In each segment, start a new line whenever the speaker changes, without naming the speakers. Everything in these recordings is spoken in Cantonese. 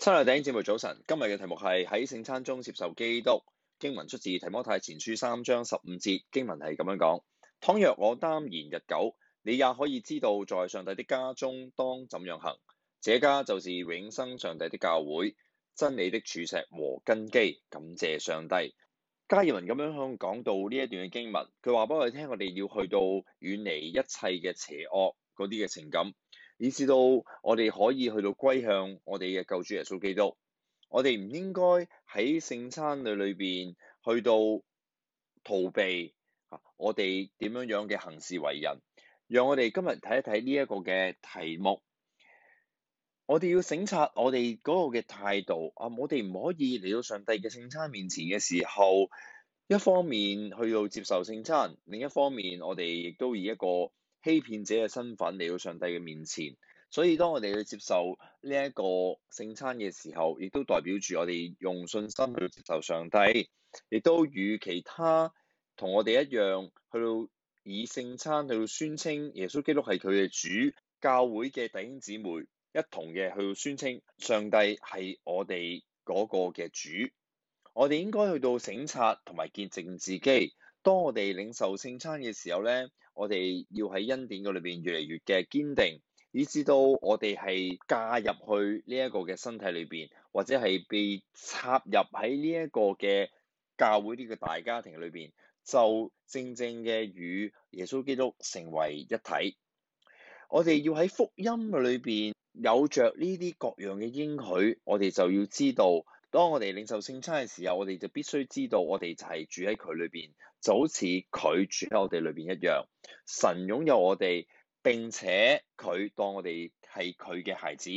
七友頂節目早晨，今日嘅題目係喺聖餐中接受基督。經文出自提摩太前書三章十五節，經文係咁樣講：倘若我耽延日久，你也可以知道在上帝的家中當怎樣行。這家就是永生上帝的教會，真理的柱石和根基。感謝上帝。加爾文咁樣向講到呢一段嘅經文，佢話俾我哋聽，我哋要去到遠離一切嘅邪惡嗰啲嘅情感。以至到我哋可以去到歸向我哋嘅救主耶穌基督，我哋唔應該喺聖餐裏裏邊，去到逃避啊！我哋點樣樣嘅行事為人，讓我哋今日睇一睇呢一個嘅題目。我哋要省察我哋嗰個嘅態度啊！我哋唔可以嚟到上帝嘅聖餐面前嘅時候，一方面去到接受聖餐，另一方面我哋亦都以一個。欺騙者嘅身份嚟到上帝嘅面前，所以當我哋去接受呢一個聖餐嘅時候，亦都代表住我哋用信心去接受上帝，亦都與其他同我哋一樣去到以聖餐去到宣稱耶穌基督係佢嘅主，教會嘅弟兄姊妹一同嘅去到宣稱上帝係我哋嗰個嘅主，我哋應該去到省察同埋見證自己。當我哋領受聖餐嘅時候呢，我哋要喺恩典嘅裏邊越嚟越嘅堅定，以至到我哋係嫁入去呢一個嘅身體裏邊，或者係被插入喺呢一個嘅教會呢個大家庭裏邊，就正正嘅與耶穌基督成為一體。我哋要喺福音裏邊有着呢啲各樣嘅應許，我哋就要知道。當我哋領受聖餐嘅時候，我哋就必須知道，我哋就係住喺佢裏邊，就好似佢住喺我哋裏邊一樣。神擁有我哋，並且佢當我哋係佢嘅孩子。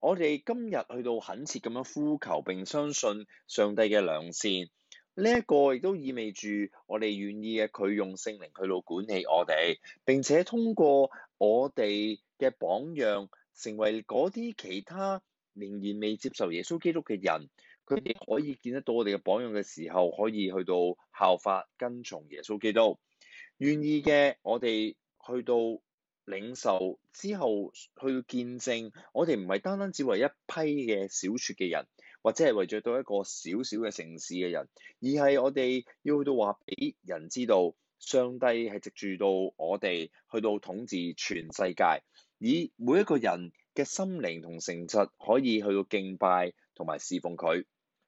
我哋今日去到懇切咁樣呼求並相信上帝嘅良善，呢一個亦都意味住我哋願意嘅佢用聖靈去到管理我哋，並且通過我哋嘅榜樣成為嗰啲其他。仍然未接受耶穌基督嘅人，佢哋可以見得到我哋嘅榜樣嘅時候，可以去到效法跟從耶穌基督。願意嘅，我哋去到領受之後去到見證，我哋唔係單單只為一批嘅小撮嘅人，或者係圍住到一個小小嘅城市嘅人，而係我哋要去到話俾人知道，上帝係藉住到我哋，去到統治全世界，以每一個人。嘅心靈同誠實可以去到敬拜同埋侍奉佢，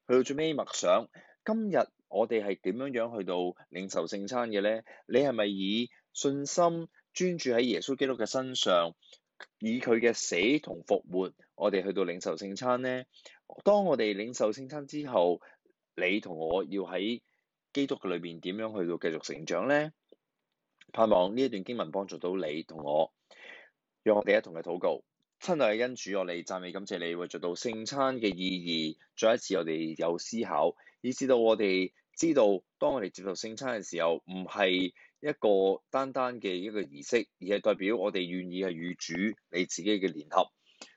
去到最尾，默想今日我哋係點樣樣去到領受聖餐嘅呢？你係咪以信心專注喺耶穌基督嘅身上，以佢嘅死同復活，我哋去到領受聖餐呢？當我哋領受聖餐之後，你同我要喺基督裏面點樣去到繼續成長呢？盼望呢一段經文幫助到你同我，讓我哋一同嘅禱告。親愛嘅恩主，我哋讚美感謝你，為著到聖餐嘅意義，再一次我哋有思考，以至到我哋知道，當我哋接受聖餐嘅時候，唔係一個單單嘅一個儀式，而係代表我哋願意係與主你自己嘅聯合，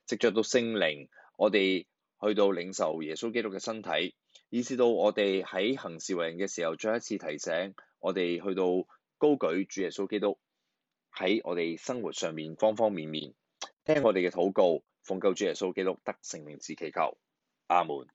藉著到聖靈，我哋去到領受耶穌基督嘅身體，以至到我哋喺行事為人嘅時候，再一次提醒我哋去到高舉主耶穌基督喺我哋生活上面方方面面。聽我哋嘅禱告，奉救主耶穌基督得勝名字祈求，阿門。